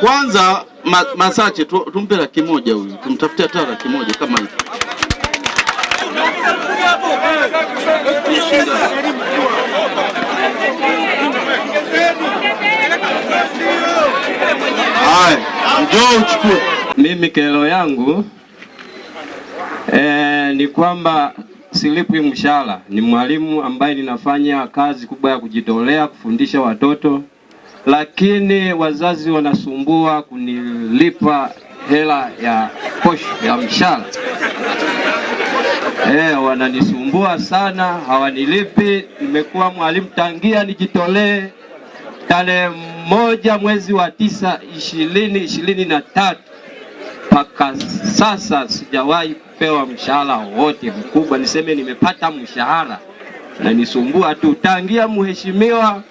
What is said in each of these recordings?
Kwanza ma, Masache tumpe laki moja huyu, tumtafutie hata laki moja kama hivi. Haya, njoo uchukue. Mimi kero yangu eh, ni kwamba silipwi mshahara. Ni mwalimu ambaye ninafanya kazi kubwa ya kujitolea kufundisha watoto lakini wazazi wanasumbua kunilipa hela ya posho ya mshahara. Eh, wananisumbua sana, hawanilipi. Nimekuwa mwalimu tangia nijitolee tarehe moja mwezi wa tisa ishirini ishirini na tatu mpaka sasa sijawahi kupewa mshahara wowote mkubwa, niseme nimepata mshahara. Nanisumbua tu tangia mheshimiwa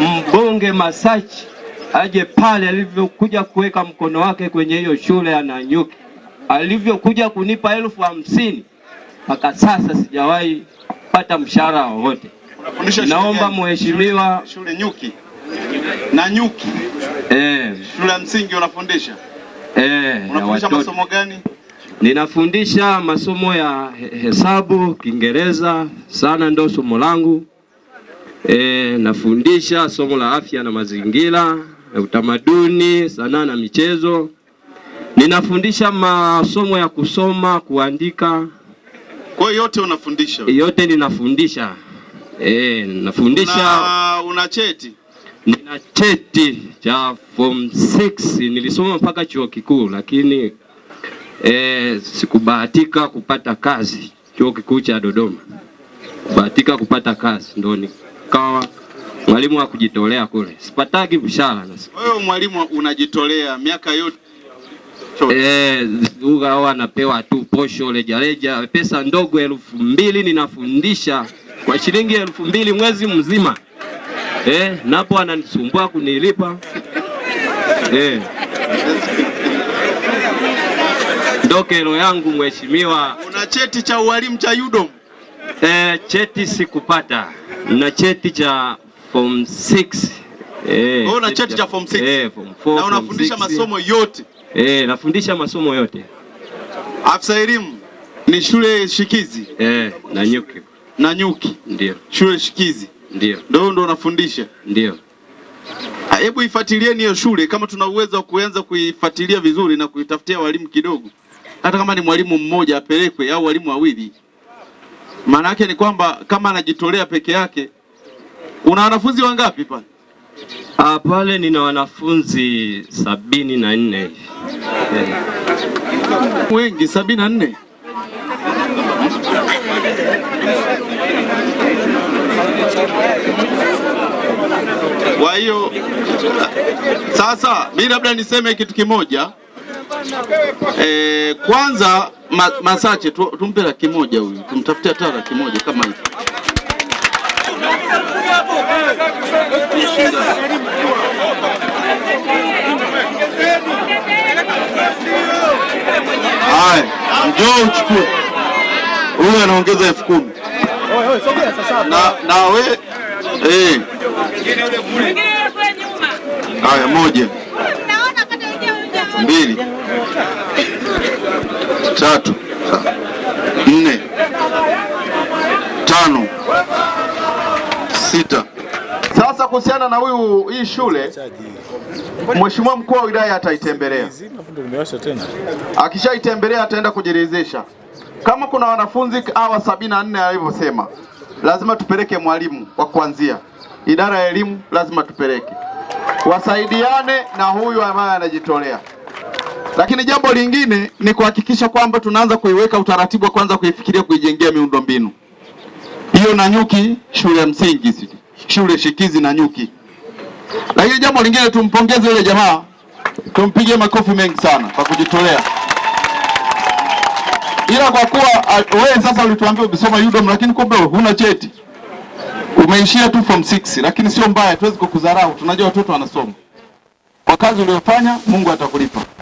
mbunge Masachi aje pale alivyokuja kuweka mkono wake kwenye hiyo shule ya Nanyuki, alivyokuja kunipa elfu hamsini mpaka sasa sijawahi pata mshahara wowote. Naomba mheshimiwa, shule Nyuki Nanyuki eh, shule ya msingi unafundisha eh, unafundisha masomo gani? Ninafundisha masomo ya hesabu, Kiingereza sana, ndo somo langu. E, nafundisha somo la afya na mazingira, utamaduni, sanaa na michezo. Ninafundisha masomo ya kusoma, kuandika. Kwa hiyo yote unafundisha? E, yote ninafundisha. E, nafundisha. Una, una cheti? Nina cheti cha form 6. Nilisoma mpaka chuo kikuu lakini e, sikubahatika kupata kazi. Chuo kikuu cha Dodoma. Kubahatika kupata kazi ndio Kawa mwalimu wa kujitolea kule, sipataki mshahara. Sasa wewe mwalimu unajitolea miaka yote eh, uga anapewa tu posho rejareja, pesa ndogo elfu mbili ninafundisha kwa shilingi elfu mbili mwezi mzima eh, napo ananisumbua kunilipa eh. Ndo kero yangu mheshimiwa. Una cheti cha ualimu cha Yudom? E, cheti sikupata na cheti cha form 6. Eh, wewe una cheti cha form 6. Eh, form 4. Na unafundisha masomo yote. Eh, nafundisha masomo yote. Afisa elimu ni shule shikizi. Eh, na nyuki. Na nyuki. Ndio. Shule shikizi. Ndio. Ndio ndio unafundisha. Ndio. Ah, hebu ifuatilieni hiyo shule kama tuna uwezo wa kuanza kuifuatilia vizuri na kuitafutia walimu kidogo. Hata kama ni mwalimu mmoja apelekwe au walimu wawili. Maana yake ni kwamba kama anajitolea peke yake. Una wanafunzi wangapi pale? Ah, pale nina wanafunzi sabini na nne yeah. Wengi sabini na nne kwa hiyo sasa, mi labda niseme kitu kimoja eh, kwanza ma, masache tu, tumpe laki moja huyu, tumtafutie hata laki moja kama hivi. Haya, njoo uchukue huyu, anaongeza elfu kumi na, na we eh, haya moja mbili tatu, nne, tano, sita. Sasa kuhusiana na huyu hii shule, mheshimiwa mkuu wa wilaya ataitembelea. Akishaitembelea ataenda kujiridhisha kama kuna wanafunzi hawa sabini na nne alivyosema, lazima tupeleke mwalimu wa kuanzia idara ya elimu, lazima tupeleke, wasaidiane na huyu ambaye anajitolea. Lakini jambo lingine ni kuhakikisha kwamba tunaanza kuiweka utaratibu wa kwanza kuifikiria kuijengea miundombinu hiyo na nyuki shule ya msingi, shule shikizi na nyuki. Lakini jambo lingine tumpongeze yule jamaa, tumpigie makofi mengi sana kwa kujitolea. Ila kwa kuwa wewe sasa ulituambia umesoma UDOM, lakini kumbe huna cheti, umeishia tu form 6, lakini sio mbaya, tuwezi kukudharau, tunajua watoto wanasoma. Kwa kazi uliyofanya Mungu atakulipa.